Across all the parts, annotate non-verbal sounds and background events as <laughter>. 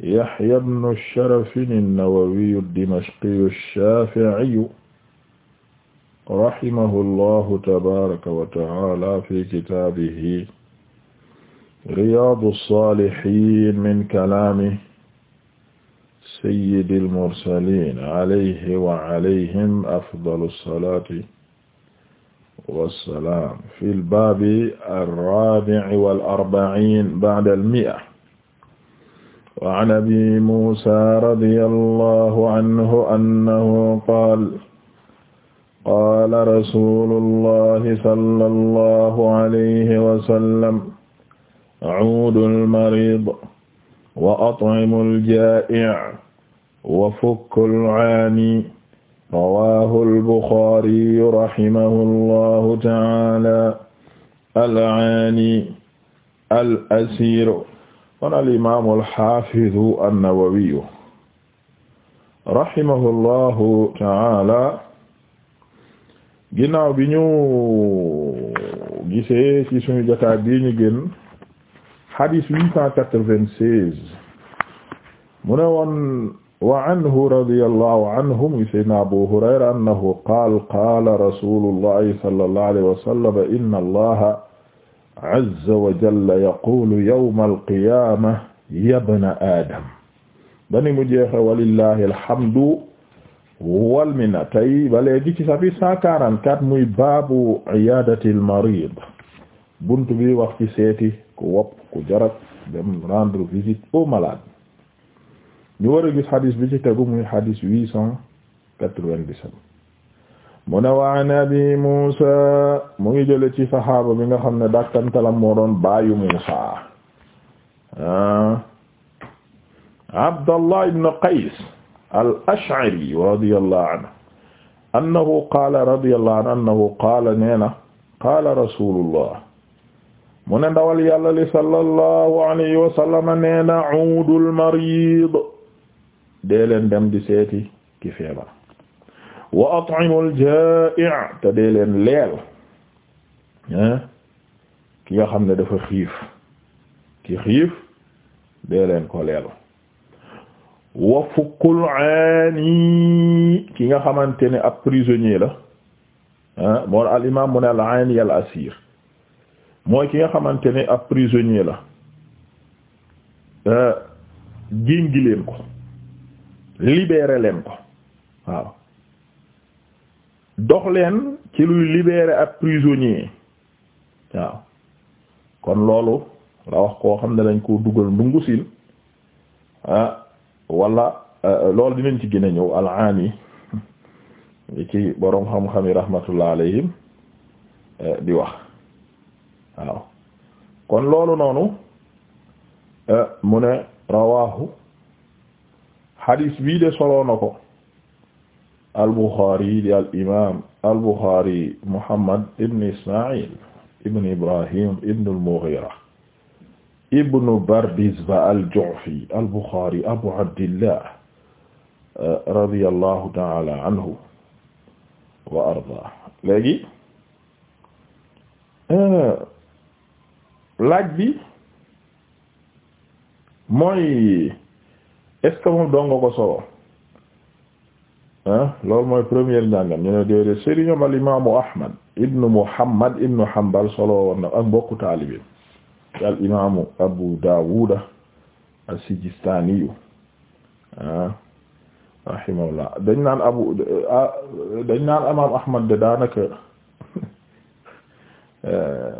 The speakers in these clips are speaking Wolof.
Yahya ibnu Sharaf an-Nawawi ad-Dimashqi ash-Shafi'i rahimahullahu tabaaraka wa ta'aala fi kitaabihi Riyaadu as-Saalihiin min kalaami sayyidil mursaliin alayhi wa alayhim afdalu as-salaati was-salaam fil baabi ar-raabi'i wal arba'iin ba'da al-mi'a wa an abi muusa radiyallahu anhu annahu qaala qaala rasuulullahi sallallahu alayhi wa sallam uudul mariid wa at'imul jaa'i' wa fukkul aani rawaahul buxaari rahimahullahu ta'aala al aani al asiir kon al imaam al xaafidu an-Nawawi rahimahullahu ta'ala ginnaaw bi ñu gisee ci suñu jotaay bi ñu gën xadiis huit cent quatre-vingt-seize mu ne woon wa anhu radiyallahu anhu mu sayyidina Abu Hurayra annahu qaala qaala rasuulullahi sallallahu alayhi wa sallam inna allaha azza wa jalla yaqulu yawma alqiyama yabna adam bani mu jeexe walillahi alhamdu walminna tay ba léegi ci safi 144 muy baabu iyadati almarid bunt bi wax ci seeti ku wopp ku jarat dem rendre visite au malade ñu war a gis hadis bi ci tegu muy hadis 897 mu ne wa an abi Muusa mu ngi jële ci saxaaba bi nga xam ne dakkantalam moo doon baayu Muusa ah, Abdallah ibn Qays al-Ash'ari radiyallahu anhu annahu qaala radiyallahu anhu annahu qaala neena qaala rasulullah mu ne ndawal yàlla li sallallahu alayhi wa sallam neena uudul mariid dee leen dem di seeti ki feebar wa at'imul jaa'i' te dee leen leel ki nga xam ne dafa xiif ki xiif dee leen ko leel wa aani ki nga xamante ne ab prisonnier la ah moo al imam mu ne al aani al asir mooy ki nga xamante ne ab prisonnier la jéngi leen ko libéré leen ko waaw dox leen ci luy libérer ab prisonnier waaw kon loolu la wax koo xam ne lañ koo dugal ndungu siin ah wala eh, loolu dinañ ci gën a ñëw alaan yi ci boroom xam-xam yi rahmatullah alayhim eh, di wax waaw kon loolu noonu eh, mu ne rawahu hadis bii de soloo na ko al-Bukhari di al imaam al-Bukhari Muhammad ibn Isma'il ibn Ibrahim ibn al-Mughira ibn Bardizbah al-Ju'fi al-Bukhari Abu Abdillah uh, radiyallahu ta'ala anhu wa arda léegi uh, laaj bi mooy est-ce que moom doon nga ko solo loolu mooy premier njàngan ñu ne déedéet sëriñam al imaamu ahmad ibnu muhammad ibnu hanbal solo woon na ak mbokku taalibe ci al imaamu abu daawuda as-sijistaaniyu rahimahullah dañ naan abu ah, dañ naan imaam de daanaka <laughs> eh,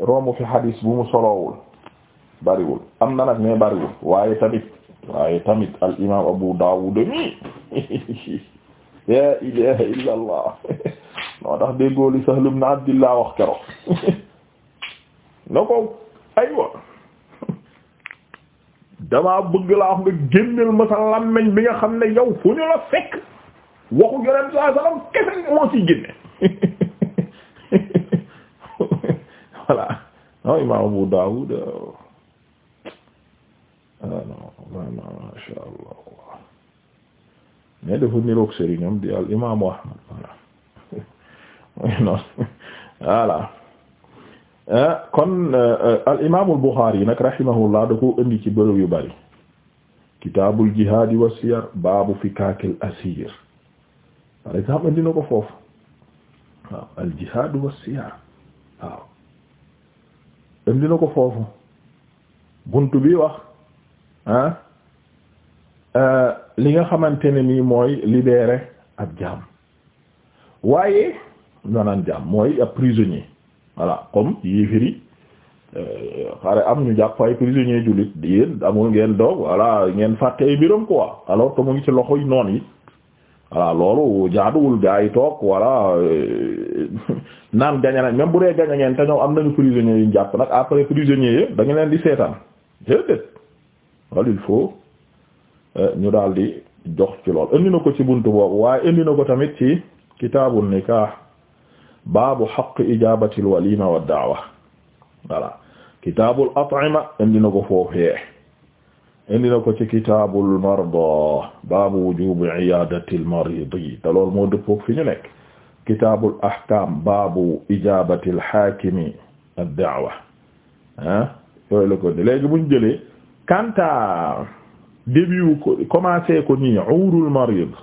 romb fi hadis bu mu solowul bariwul am na nag mais bariwul waaye tamit al imaam abu daawuda mi <laughs> la ilaha illa allah noo tax déggoo li Sahl ibn Abdillah wax kero na ko damaa bëgg laa wax nga génneel ma sa làmmiñ bi nga xam ne yow fu ñu la fekk waxu yonent saa sallam kese moo ciy génne voilà non imam Abu Dawud euh, euh, non vraiment masha Allah mais dafa niroog sëriñam di al imaamu ahmad voilà eh, kon eh, al imaamul Buxaari nag rahimahullah da ko indi ci bërëb yu bari kitaabul jihaadi wa siyar baabu fikaakil asiir par exemple indi ko foofu waaw al jihaad wa siyar waaw indi ko foofu buntu bi wax ah Euh, li nga xamante ne nii mooy libérer ab jaam waaye naan jaam mooy ab prisonnier voilà comme yéefiri euh, xare am ñu jàpp ay prisonnier jullit yéen amul ngeen doog voilà ngeen fàtte ay mbiram quoi alors que mu ngi ci loxo yi noon yi voilà loolu jaaduwul gaa yi toog voilà euh, <laughs> naan gaña nañ même bu dee gaña ngeen te ñoom am nañu prisonnier yu ñu jàpp nag après prisonnier yi da leen di seetaan déedéet wala il faut ñu daal di jox ci lool indi na ko ci buntu boobu waaye indi na ko tamit ci kitaabul nikah baabu xaq ijabatil walima wa daawa voilà kitaabul at'ima indi na ko ci kitaabul marda baabu wujubi iyadatil maridi te loolu moo dëppook fi ñu nekk kitaabul ahkam baabu ijabatil hakimi daawa ah yooyu la ko di léegi buñ kanta début ko commencé ko nii urul marid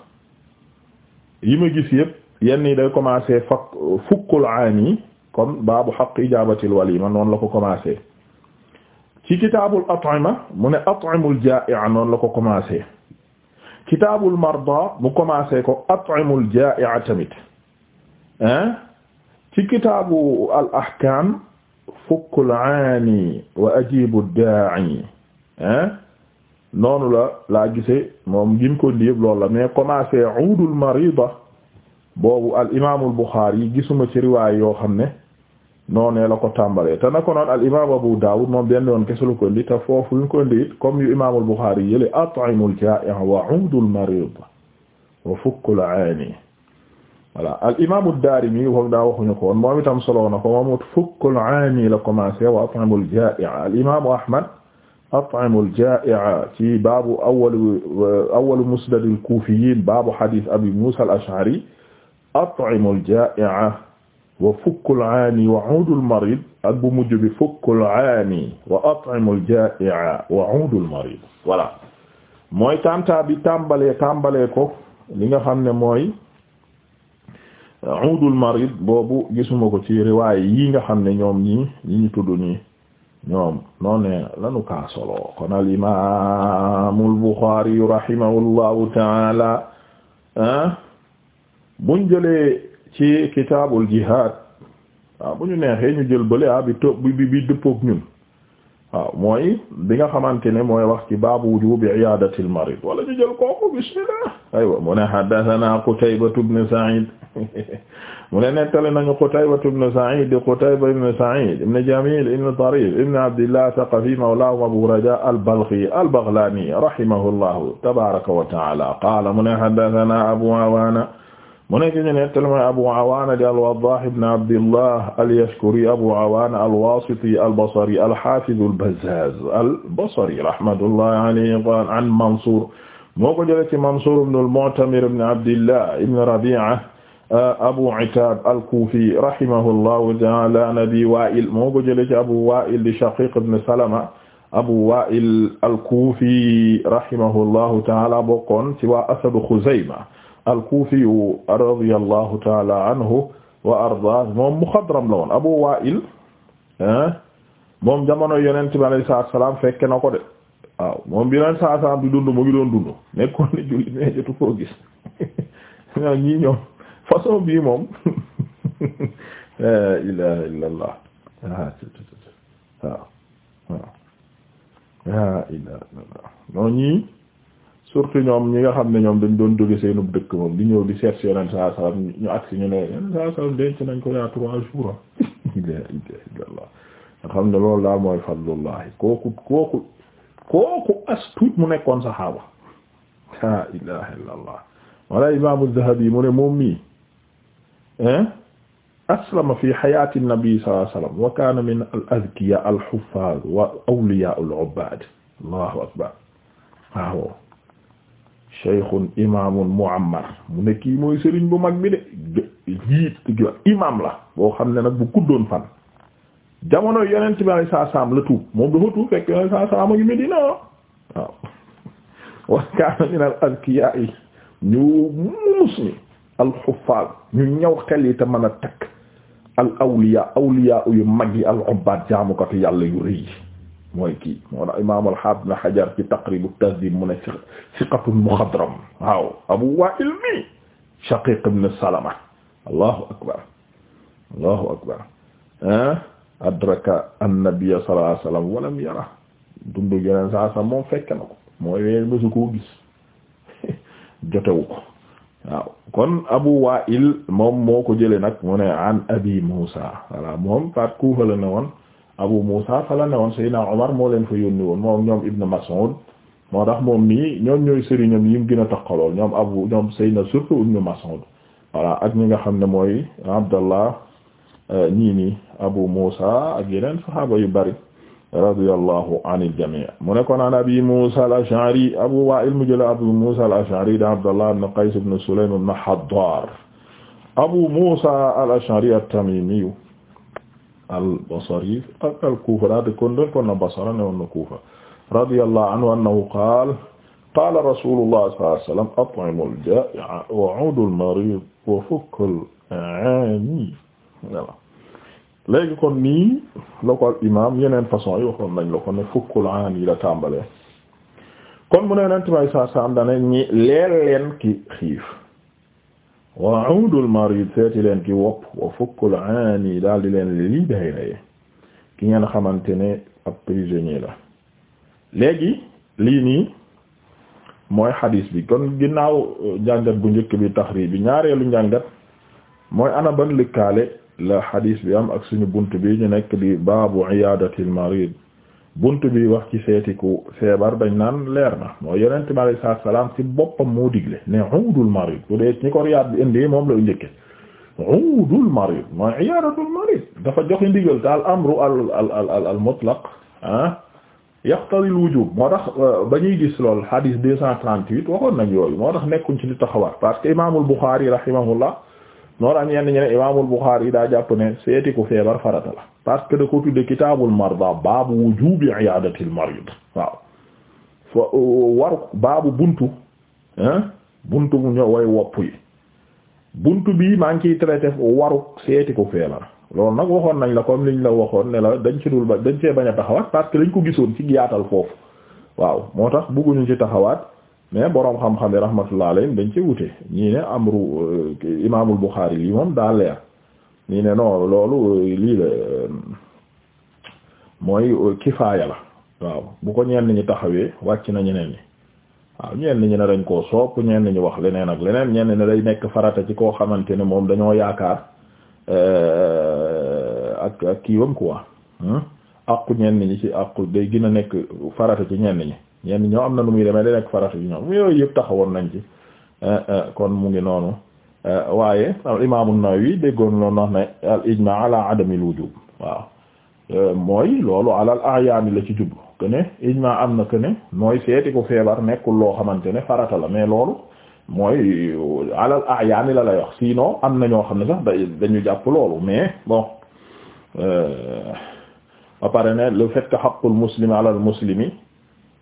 yi ma gis yëpp yenn yi day commencé fakk fukkul aani comme baabu xaq ijaabatil walima noonu la ko commencé ci kitaabul at'ima mu ne at'imul jaa'i'a noonu la ko commencé kitaabul marda mu commencé ko at'imul jaa'i'a tamit hein ci kitaabu al ahkaam fukkul aani wa ajibu daa'i hein noonu la laa gisee moom gim ko ndi yëpp loolu la mais commencé uudul marida boobu al imaamul gisuma ci riwaay yoo xam ne noonee la ko tàmbalee te ko noon al imaam Abu Daawud moom benn yoon kese la ko indi te foofu ñu ko indi it comme yu yi yële at'imul jaa'i wa uudul marid wa fukkul aani voilà al imaamu Daarimi foog daa waxuñu ko woon moom itam solo na ko moom at'imul jaa'i'a ci baabu awwalu awwalu musnadil kuufiyyiin baabu hadiis abii muusaa al-ash'arii at'imul jaa'i'a wa fukkul aani wa 'uudul mariid ak bu mujj bi fukkul aani wa at'imul jaa'i'a wa 'uudul mariid voilà mooy tàntaa bi tàmbalee ko li nga xam ne mooy 'uudul mariid boobu gisuma ko ci riwaay yi nga xam ne ñoom ñii ñi ñu nii. ñoom noone lanu ka solo kon al imaamu al Buxaari rahimahullahu taala ah, buñ jëlee ci kitaabul jihaad waaw ah, bu ñu neexee ñu jël bële ah bi to bi bi dëppook ñun waaw mooy bi nga xamante ne mooy wax ci baabu wujubi iyadati al marid wala ñu jël kooku bismillah aywa mu ne haddathana Qutaybatu ibn Sa'id <laughs> mu ne nettali nañu Qutaybatu ibn Sa'id di Qutayba ibn Sa'id ibn Jamil ibn Tarif ibn Abdillah Thaqafi mawlahu Abu Raja al-Balkhi al-Baghlani rahimahullahu tabaraka wa ta'ala qala mu ne haddathana Abu Awana mu nekk ñu nettali mooy Abu Awaana di al-Waddaah ibn Abdillah al-Yashkuri Abu Awaana al-Waasiti al-Basri al-Haafiz al-Bazzaaz al-Basri rahmatullahi alayhi qaal an Mansuur moo ko jëlee ci Mansuur ibn al-Mu'tamir ibn Abdillah ibn Rabi'a Abu Itaab al-Kuufi rahimahullahu ta'aala an Abi Waa'il moo ko jëlee ci Abu Waa'il di Shaqiiq ibn Salama Abu Waa'il al-Kuufi rahimahullahu ta'aala bokkoon ci waa Asadu Xuzayma al-Kufi radiyallahu ta'ala anhu wa arda moom muxadram la woon Abu Wa'il ah, moom jamono yonent bi salaam fekke na de waaw moom bi yonent saa salaam di dund mu ngi doon dund nekkoon ni julli mais jotu koo gis ñoo <laughs> ñii façon bii moom la <laughs> ilaha illa allah ah, waaw surtout ñoom ñi nga xam ne ñoom dañ doon jóge seenu dëkk moom di ñëw di seet si yeneen saa salaam ñu agsi ñu ne yeneen saa salaam denc nañ ko yaa trois jours ah. <laughs> nga xam ne loolu daal mooy fadlullahi kooku kooku kooku as tuut mu nekkoon saxaaba la ilaha illallah wala imaamu Dhahabi mu ne moom mii aslama fi xayaati nabi sallallahu alayhi wasallam wa kaana min al azkiya al huffaaz wa awliyaa al ubbaad allahu akbar waaw shaykhun imaamun muammar mu ne kii mooy sëriñ bu mag bi de jiit imaam la boo xam ne nag bu guddoon fan jamono yonent bi alayhi salaam la tuub moom dafa tuub fekk yonent saa salaam a ngi Medina waaw <laughs> wa kaana min al azkiyaa yi ñu muus ñi al xuffaaz ñu ñaw xel yi te mën a takk al awliyaa awliyaa yu mag yi al ubbaad jaamukatu yàlla yu rëy mooy kii moo tax imaam al-Haafiz Ibn Hajar ci Taqrib at-Tahdhib mu ne siqatun muxadram waaw Abu Waa'il mi Shaqiq ibn Salama allahu akbar allahu akbar adraka an-nabiy sallallahu alayhi wa sallam wa lam yara dundu yeneen saa sa moom fekk na ko mooy ween mësu koo gis <laughs> jotewu ko waaw kon Abu Waa'il moom moo ko jële nag mu ne an Abi Muusa voilà moom faat Kuufa la ne woon Abu Musa fa la ne woon Seydina Omar moo leen fa yónni woon moom ñoom Ibn Mas'ud moo tax moom nii ñoom ñooy sëriñam yi mu gën a taxalool ñoom Abu ñoom Seydina surtout Ibn Mas'ud voilà ak ñi nga xam ne mooy Abdallah euh, ñii nii Abu Musa ak yeneen saxaaba yu bari radiyallahu anil jamii mu ne kon an Abi Musa al-Ash'ari Abu Wa'il mu jëla Abu Musa al-Ash'ari da Abdallah ibn Qays ibn Sulaym ibn Haddar Abu Musa al-Ash'ari at-Tamimi al-Basri ak al-Kufa daa dëkkoon dëkkoon na Basra newoon na Kufa radiyallahu anhu annahu qaala qaala rasuulullah sallallahu alayhi wa sallam at'imu al-jaa'i'a wa'uudu al-mariid wa fukku al-'aani léegi kon nii la ko al imaam yeneen façon yi waxoon nañ la ko ne fukku al-'aani la tàmbalee kon mu ne leen tamit saa saa am daan ñi leel leen ki xiif. wa audul marid seeti leen ki wopp wa fukkul aani daal di leen libéré ki ngeen xamante ne ab prisonnier la léegi lii nii mooy xadiis bi kon ginnaaw euh, njàngat bu njëkk bi taxriij bi ñaareelu njàngat mooy ana ban lëkkaale la xadiis bi am ak suñu bunt bi ñu nekk di baabu iyaadatil marid bunt bi wax ci seeti ku feebar dañ naan leer na mooy yonente bi alai salaatu salaam ci boppam moo digle ne udul marid bu dee ñi ko riyaat bi indi moom la njëkke udul marid mooy iyadatul marid dafa joxe ndigal ta al amru al al al al mutlaq ah yaqtadi al wujub moo tax euh, ba ñuy gis lool hadith deux cent trente-huit waxoon nañ yooyu moo tax nekkuñ ci li taxawaat parce que imaamul Bukhari rahimahullah noonu am yenn ñeneen imaamul Buxaari yi daa jàpp ne seeti ku feebar farata la parce que da ko tudde kitaabul marda baabu wujuubi iyaadatil marid waaw fa uh, waru baabu buntu hein buntu bu ñëw way wopp yi buntu bii maa ngi ciy traité waru seeti ku feebar loolu nag waxoon nañ la comme liñ la waxoon ne la dañ ci dul ba dañ cee bañ a taxawaat parce que dañ ko gisoon ci yaatal foofu waaw moo tax bëgguñu ci taxawaat mais borom xam-xam yi rahmatullah alayhim dañ ci wute ñii ne amru euh, imaamul Buxaari lii moom daa leer ñii ne non loolu euh, lii la euh, mooy kifaaya la waaw bu ko ñenn ñi taxawee wàcc na ñeneen ñi waaw ñenn ñi ne dañ koo sopp ñenn ñi wax leneen ak leneen ñenn ne day nekk farata ci koo xamante ne moom dañoo yaakaar ak ak kiiwam quoi àqu ñenn ñi ci àqu day gën a nekk farata ci ñenn ñi. ñenn ñoo am na lu muy demee di nekk farata yi ñoom yooyu yëpp taxawoon nañ ci eh, eh, kon mu ngi noonu eh, waaye al imaam an-Nawawi déggoon loolu wax ne al ijma ala adami al mooy loolu alal ayaani la ci jublu que am na que mooy seeti ko feebar nekkul loo xamante ne farata la mais loolu mooy alal ayaani la lay wax sinon am na ñoo xam ne sax dañu jàpp loolu mais bon ba pare ne le fait que haqqul muslimi alal muslimi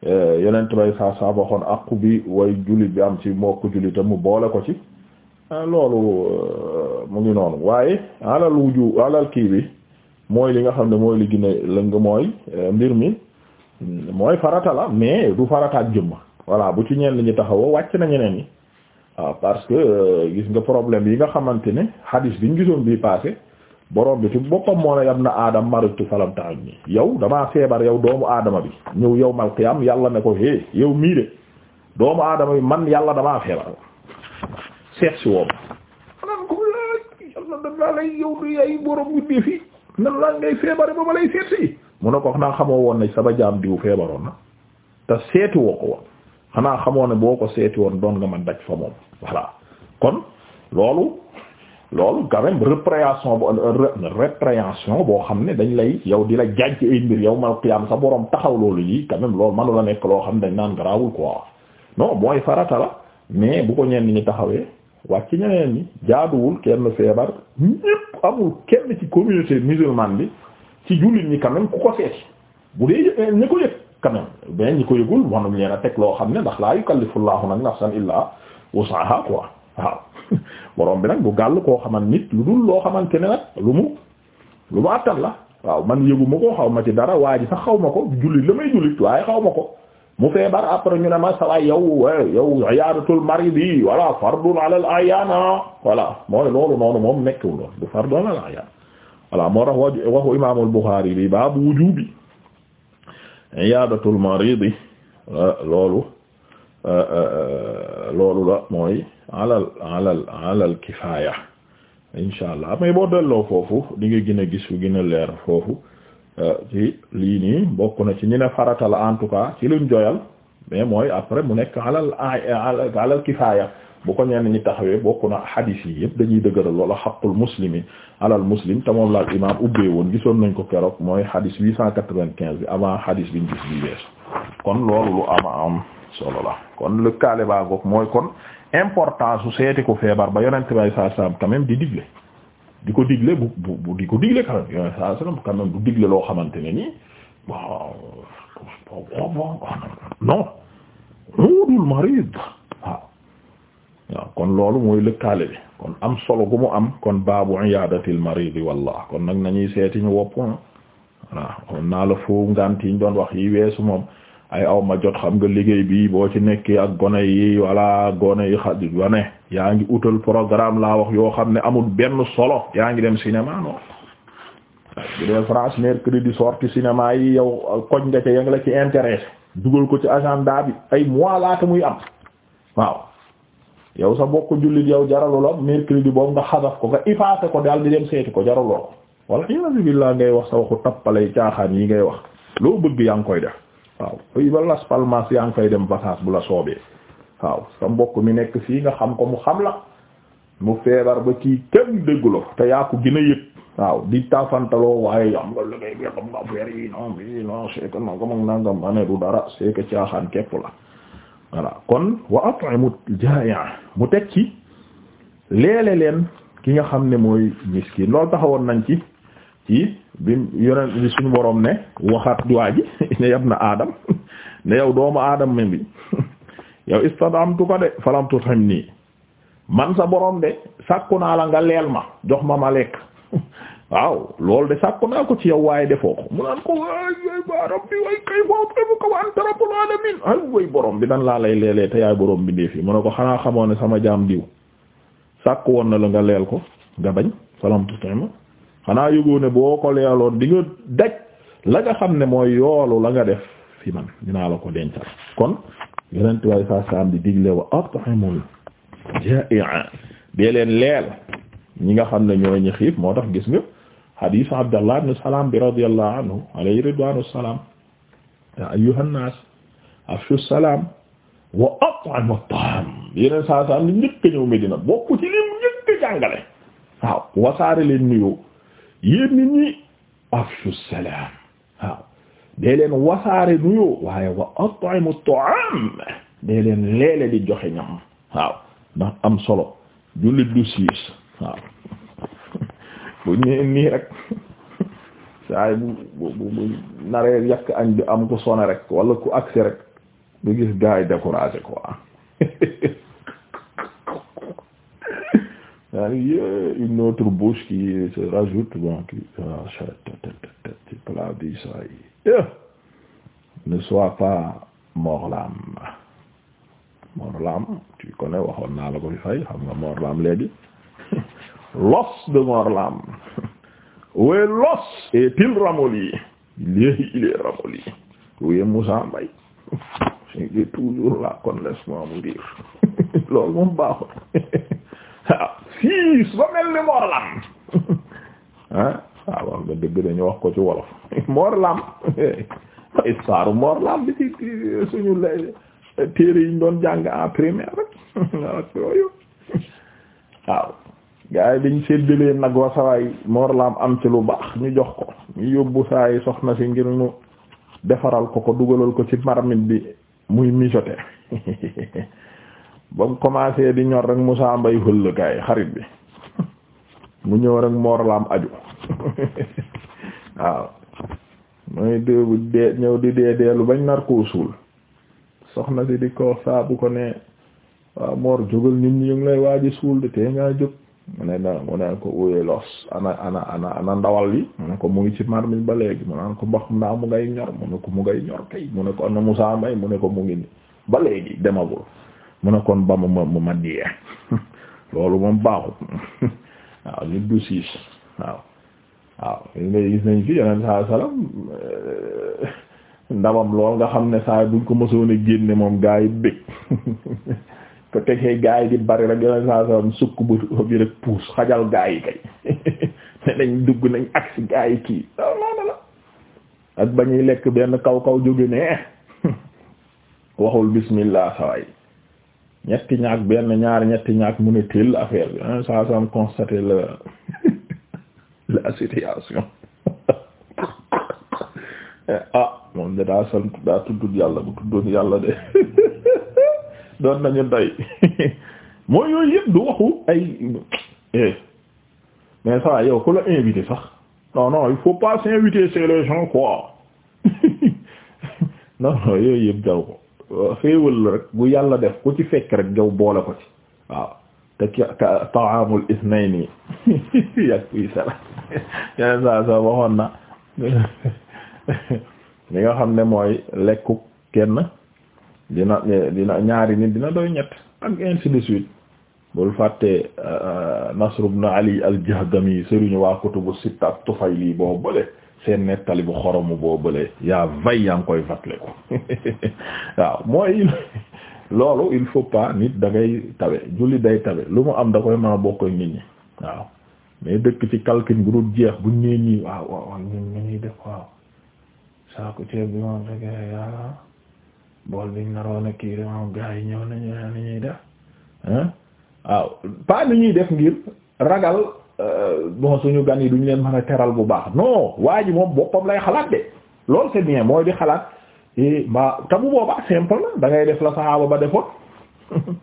Eh, yonent bay saa saa waxoon aqu bi way jullit bi am ci mbokku jullitam mu boole ko ci eh, loolu eh, mu ngi noonu waaye alal wuju alal kii bi mooy li nga xam ne mooy li gën lëng mooy mbir mi mm, mooy farata la mais du farataat jëmm voilà bu ci ñenn ñi taxawoo wàcc na ñeneen ñi waaw ah, parce que gis nga problème yi nga xamante ne hadis bi ñu gisoon bii passé boroom bi ci boppam moo ne yam na aadam maritu falam ta'udni yow damaa feebar yow doomu aadama bi ñëw yow mal qiyam yàlla ne ko hé yow mii de doomu aadama bi man yàlla damaa feebar seet si ba ma lay seet si mu ne ko xanaa xamoo woon ne sama jaam diw feebaroon na te seeti woo ko woon xanaa xamoo ne boo ko seeti woon doon nga ma daj fa moom voilà kon loolu loolu quand même répréhension bo répréhension boo xam ne dañ lay yow di la jaaj ci ay mbir yow mal qiyaam sa borom taxaw loolu yi quand même loolu manu la nekk loo xam ne dañ naan garaawul quoi non mooy farata la mais bu ko ñenn ñi taxawee wàcc ñeneen ñi jaaduwul kenn feebar ñépp amul kenn ci communauté musulmane bi ci jullit ñi quand même ku ko seeti bu dee eh, ñi ko yëg quand même ñi ko yëgul manuñ leen a teg loo xam ne ndax laa yukallifu llaahu nag nafsan illaa wus'ahaa quoi waaw <laughs> borom bi nag bu gàll koo xaman nit lu dul loo xamante ne nag lu mu lu mu àttan la waaw man yëguma ko xaw ma ci dara waa ji sax xaw ma ko jullit la may jullit waaye xaw ma ko mu feebar après ñu ne ma sawaay yow eh, yow iyaadatul maridi wala fardun ala al ayana voilà mooy loolu noonu moom nekkul loolu du fardun ala al ayana voilà moo tax wa waxu imaamul Buxaari bi baabu wujubi iyaadatul maridi eh, loolu eh, loolu la mooy alal alal alal kifaaya insha allah mais boo delloo foofu li nga gën a gis fu gën leer foofu euh, ci lii nii bokk na ci ñu ne farata la en tout cas ci luñ joyal mais mooy après mu nekk alal alal alal kifaaya bu ko ñenn ñi taxawee bokk na hadith yi yëpp dañuy dëgëral loola xaqul muslimi alal muslim te moom laa al imaam ubbee woon gisoon nañ ko keroog mooy hadith 895 bi avant hadith biñ gis bi weesu kon loolu lu ama am. solo la kon lëkkaale baa ngoog mooy kon important su seeti ko feebar ba yonent bay saa saam quand même di digle di ko digle bu bu bu di ko digle quand du digle loo xamante ne nii bon udul marid waaw waaw kon loolu mooy lëkkaale bi kon am solo gu mu am kon baabu iyaadatil marid wallah kon nag nañuy seeti ñu wopp ah. voilà kon naa la foofu ngantiñ doon wax yi weesu moom ay aw ma jot xam nga liggéey bi boo ci nekkee ak gone yi walla gone yi xa gone yaa ngi utal programme laa wax yoo xam ne amul benn solo yaa ngi dem cinéma non bu dee France mercredi sorti cinéma yi yow euh, koñ nga ca yang la ci intéressé dugal ko ci agenda bi ay mois laata muy am waaw yow sa bokk jullit yow jaralu la mercredi boobu nga xasaf ko nga effacé ko daal di dem seeti ko jaraloo ko walla yalla billah ngay wax sa waxu tappalay caaxaan yi ngay wax loo yaa ngi koy def waaw fii ba Las Palmas yaa ngi fay dem vacances bu la soobee waaw sa mbokk mi nekk fii nga xam ko mu xam la mu feebar ba ci kenn déggulo te yaa ko gin a yëg waaw di tafantaloo waaye am nga liggéey bi xam nga affaire yi non bi non c'est que nangam ak nangam dara c'est caaxaan képp la voilà kon wa at'imu mu teg ci leele leen ki nga xam ne mooy miskin loolu taxawoon nañ ci ci bi yonent bi ne waxaat duwaa ne yab na aadam <laughs> ne yow doomu aadam mi bi <laughs> yow istadamtu ko de falam tutim nii man sa borom de sàkku naa la nga leel ma jox ma ma lekk <laughs> waaw loolu de sàkku naa ko ci yow waaye defoo ko mu naan ko waay waay bi dan laa lay leelee te yaay boroom bi ndeef yi mu ne ko xanaa xamoo ne sama jaam diw sàkku woon na la nga leel ko nga bañ falam tutim xanaa yëgoo ne boo ko leeloon di daj la nga xam ne mooy yoolu la nga def fi man dinaa la ko dencal kon yeneen tubaab saa saa di digle wa at'imul jaa'i'a dee leen leel ñi nga xam ne ñooy ñi xiif moo tax gis nga hadith Abdallah ibn Salam bi radiyallahu anhu alayhi ridwanu salam ya wa at'imu at yeneen saa di njëkk ñëw Medina bokku ci lim njëkk jàngale waaw wasaare leen nuyoo yéen nit ñi afshu salam dee leen wasaare nuyoo waaye wa at'imu ta'am dee leen leele di joxe ñam waaw ndax am solo jullit du siis waaw <laughs> bu ñu nii rek <laughs> saay bu bu bu naree yàq añ bi am ku sone rek wala ku aksi rek nga gis gars yi découragé quoi <laughs> yaa ngi une autre bouche qui se rajoute bon bi saa yi ne sois pas morlam morlam tu connais waxoon naa la ko fi fay xam nga morlam léegi <laughs> l'os de morlam <laughs> où est l'os est-il ramolli léegi il est ramolli où est Moussa Mbaye <laughs> il est toujours là kon laisse-moi vous dire loolu moom baaxul waaw ah, fii soo mel ni morlam ah waaw wax nga dëgg dañu wax ko ci wolof moor lam istaaru bi ci suñu téere yi ñu doon jàng en primaire rek <laughs> waaw gars yi dañ séddalee nag wa sawaay am ci lu baax ñu jox ko ñu yóbbu saa yi soxna si ngir ñu defaral ko ko dugalal ko ci marmite bi muy mijoté <laughs> ba mu di ñor rek Moussa Mbaye hëllkaay xarit bi <laughs> mu ñëw rek moor aju waaw mu déebu dee ñëw di dee deelu bañ nar koo suul soxna si di ko saa ko ne waaw moor jógal nit ñi ñu ngi lay waaji suul de tee ngaa jóg mu ne na mu ko wóye los ana ndawal li ne ko mu ngi ci marmil ba léegi mu naan ko mbax naa mu ngay ñor mu ne ko mu ngay ñor kay mu ne ko ana Musaa may mu ne ko mu ngi ni ba léegi demagul mu ne kon ba mu ma diyee <laughs> loolu moom baaxut <laughs> waaw nit du siis waaw waaw léegi gis nañ fi yeneen saa salaam ndabam lool nga xam ne saa buñ ko mosoon a génne moom gaa yi bëgg <laughs> ko tegee gaa yi di bari rek yeneen saa salaam sukk bu bi rek puus xajal gaa yi kay <laughs> ne nañ dugg nañ agsi gaa kii ak ba ñuy lekk benn kaw kaw jóge ne <laughs> waxul bismillah saway ñetti ñaak benn ñaar ñetti ñaak mu ne tëll affaire bi saa salaam constaté la la situation <laughs> eh, ah moom de daa sant daa tuddut yàlla bu tuddoon yàlla de <laughs> doon nañu day <laughs> mooy yooyu yëpp du waxu ay eh. mais ça yow ku la invité sax non non il faut pas s'inviter chez les gens quoi non non yooyu yëpp jaw ko xéewal rek bu yàlla def ku ci fekk rek jaw boole ko ci waaw te ta'amul isnayni <laughs> yakfi sala yeneen saa sa waxoon na <laughs> li nga xam ne mooy lekku kenn dina dina ñaari nit dina doy ñett ak ainsi de suite bul fàtte euh, Nasr ibn Ali al-Jahdami sëriñu waa kutubu sitta ak Tufayli boo bële seen nettali bu xoromu boo bële yaa vay yaa ngi koy fàttaliku <laughs> waaw mooy loolu il faut pas nit da ngay tawe jullit day tawe lu mu am da koy mën a bokk nit ñi waaw mais dëkk ci calcul bu dul jeex buñ nee nii waaw waaw ñu ñuy def waaw saako bi eh, bool biñ naroon a kii moom gars yi ñëw nañu ni ñuy def ah waaw pas ni ñuy def ngir ragal euh, bon suñu gan yi duñ leen mën a teral bu baax non waa ji moom boppam lay xalaat de loolu c'est bien mooy di xalaat. mbaa te bu boobaa simple na da ngay def la saxaaba ba defoon <laughs>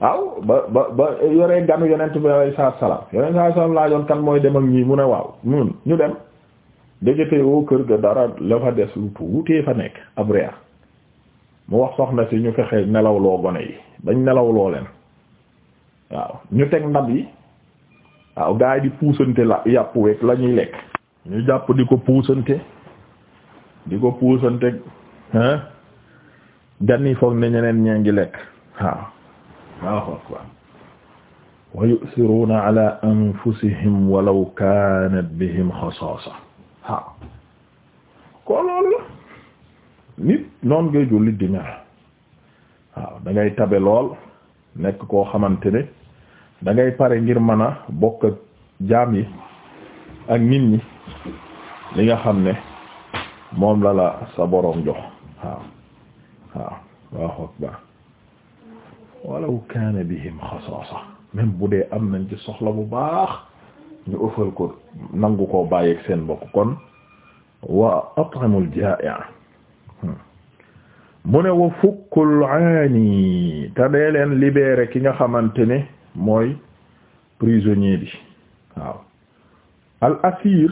waaw ba ba ba yoree ganu yonent bi alayhi salaatu salaam yonent bi alayhi salaam laajoon kan mooy dem ak ñii mu ne waaw ñun ñu dem dëjëte woo kër ga dara la fa des lu tuutee fa nekk ab reer mu wax soxna si ñu fexe nelaw loo gone yi dañ nelaw loo leen waaw ñu teg ndab yi waaw gaa yi di puusante la yàpp week la ñuy lekk ñu jàpp di ko puusante di ko puusante ah gan yi foog ne ñeneen ñee ngi lekk waaw waaw waaw wa yu'thiruna ala anfusihim walaw kanat bihim xasaasa waaw ko loolu la nit noon ngay jullit di mel waaw da ngay tabe lool nekk koo xamante ne da ngay pare ngir mën a bokk jaam yi ak nit ñi li nga xam ne moom la la sa boroom jox waaw waaw Allahu walaw kaana bihim xasaasa même bu dee am nañ ci soxla bu baax ñu ëffal ko nangu koo bàyyeeg seen mbokk kon wa at'imul jaa'i' hmm. mu ne wa fukkul ki nga xamante ne mooy prisonnier bi waaw al asir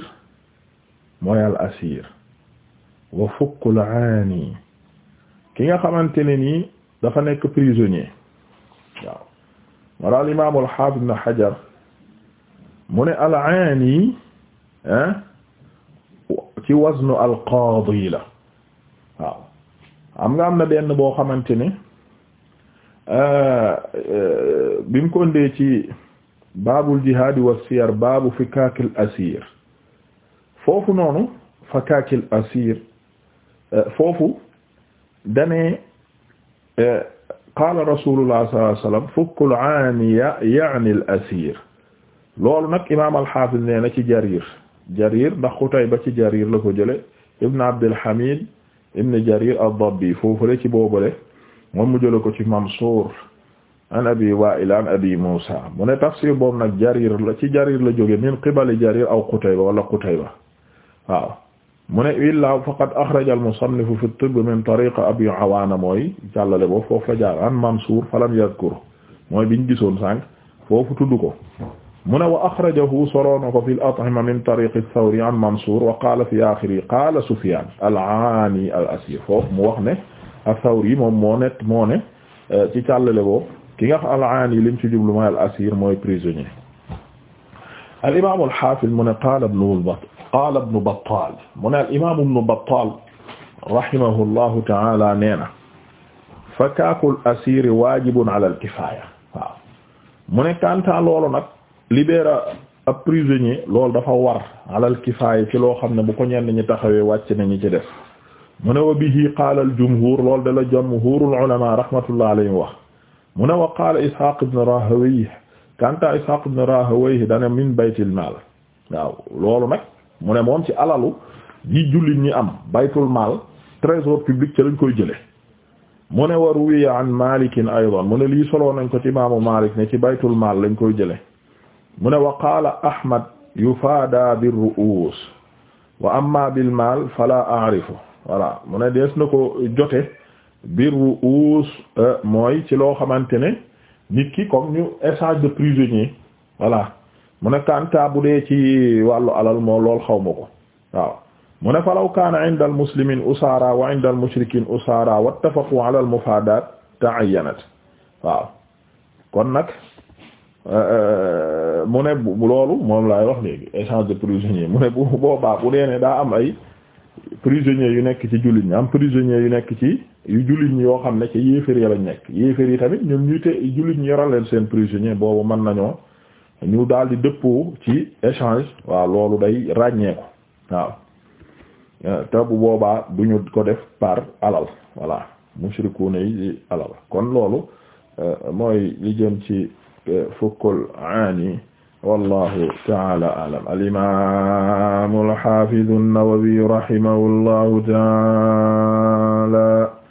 mooy al asir wa fukkul aani ki nga xamante ne nii dafa nekk prisonnier waaw wala al imaam al haafid ibn hajar mu ne al aani ki ah, ci waznu al qaadi la waaw am nga am na benn boo xamante ne ah, bi mu ko ndee ci baabul jihaadi wa siyar baabu fikaakil foofu noonu fakaakil asiir Euh, foofu dane euh, qaala rasulullah sallallahu alayhi wasallam fukkul aaniya yaani al asir loolu nag imaam alxaafis nee na ci jarir jarir ndax Qutayba ci jarir la ko jële ibn abdilhamid ibn jarir ad-Dabbi foofule ci boobule moom mu jële ko ci Mansuur an abi Waa'il an abi Muusaa mu ne tafsir boobu nag jarir la ci jarir la jóge min qibali jarir aw Qutayba wala Qutayba waaw mu ne illaa faqad axraja al-musannifu fi at-tibb min tariq abi awaana mooy jàllale boobu foofu la jaar an Mansuur falam yadkur mooy biñ gisoon sànq foofu tudd ko mu ne wa axrajahu soloo na ko fi al-athima min tariq ath-Thawri an Mansuur wa qaala fi aaxiri qaala Sufyaan al-Aani al-Asiir foofu mu wax ne ath-Thawri moom moo net moo ne ci jàllale boobu ki nga xam al-Aani lim ci jublu mooy al-Asiir mooy prisonnier al imaam al haafiz mu ne qaala ibnu Battaal qaala ibnu Battaal mu ne al imaam ibnu Battaal rahimahullahu ta'aala nee na fakaakul asiiri waajibun ala al kifaaya waaw mu ne kanta loolu nag libérer ab prisonnier loolu dafa war ala al kifaaya ci loo xam ne bu ko ñenn ñi taxawee wàcc nañu ci def mu ne wa bihi qaala al jumhuur loolu de la jumhuurul ulamaa rahmatullahi alayhim wax mu ne wa qaala Ishaaq ibnu Raahawayh kanta Ishaq ibn Rahawayh dana min baytil maal waaw loolu nag mu ne moom ci alalu ji jullit ñi am baytul maal trésor public ca lañ koy jële mu ne war wiya an aydan mu ne lii soloo nañ ko ci imaamu Malik ne ci baytul maal lañ koy jële mu ne wa qaala Ahmad yufaada bir ru'uus wa amma bil maal fala a'rifu voilà mu ne dees na ko jote bir ru'uus euh, mooy ci loo xamante ne nit ki comme ñu de prisonnier voilà mu ne kanta bu dee ci wàllu alal moo lool xaw ko waaw mu ne falaw kaana inda al muslimin usaara wa inda al mushrikin usaara wattafaqu ala al mufaadaat ta'ayyanat waaw kon nag euh, euh, mu ne bu loolu moom laay wax léegi échange de prisonnier mu ne bu boobaa bu ne daa am ay prisonniers yu nekk ci jullit ñi am prisonniers yu nekk ci yu jullit ñi yoo xam ne ci yéeféer ya lañ nekk yéeféer yi tamit ñoom ñu te jullit ñi yoral leen seen prisonnier boobu mën nañoo ñu daal di dëppoo ci échange waaw loolu day ràññeeku ko waaw te bu boobaa du ñu ko def par alal voilà mushrikuuna yi alal kon loolu euh, mooy li jëm ci euh, fukkul aani wallahu taala alam alimamu alhafidu an-Nawawi rahimahullahu taala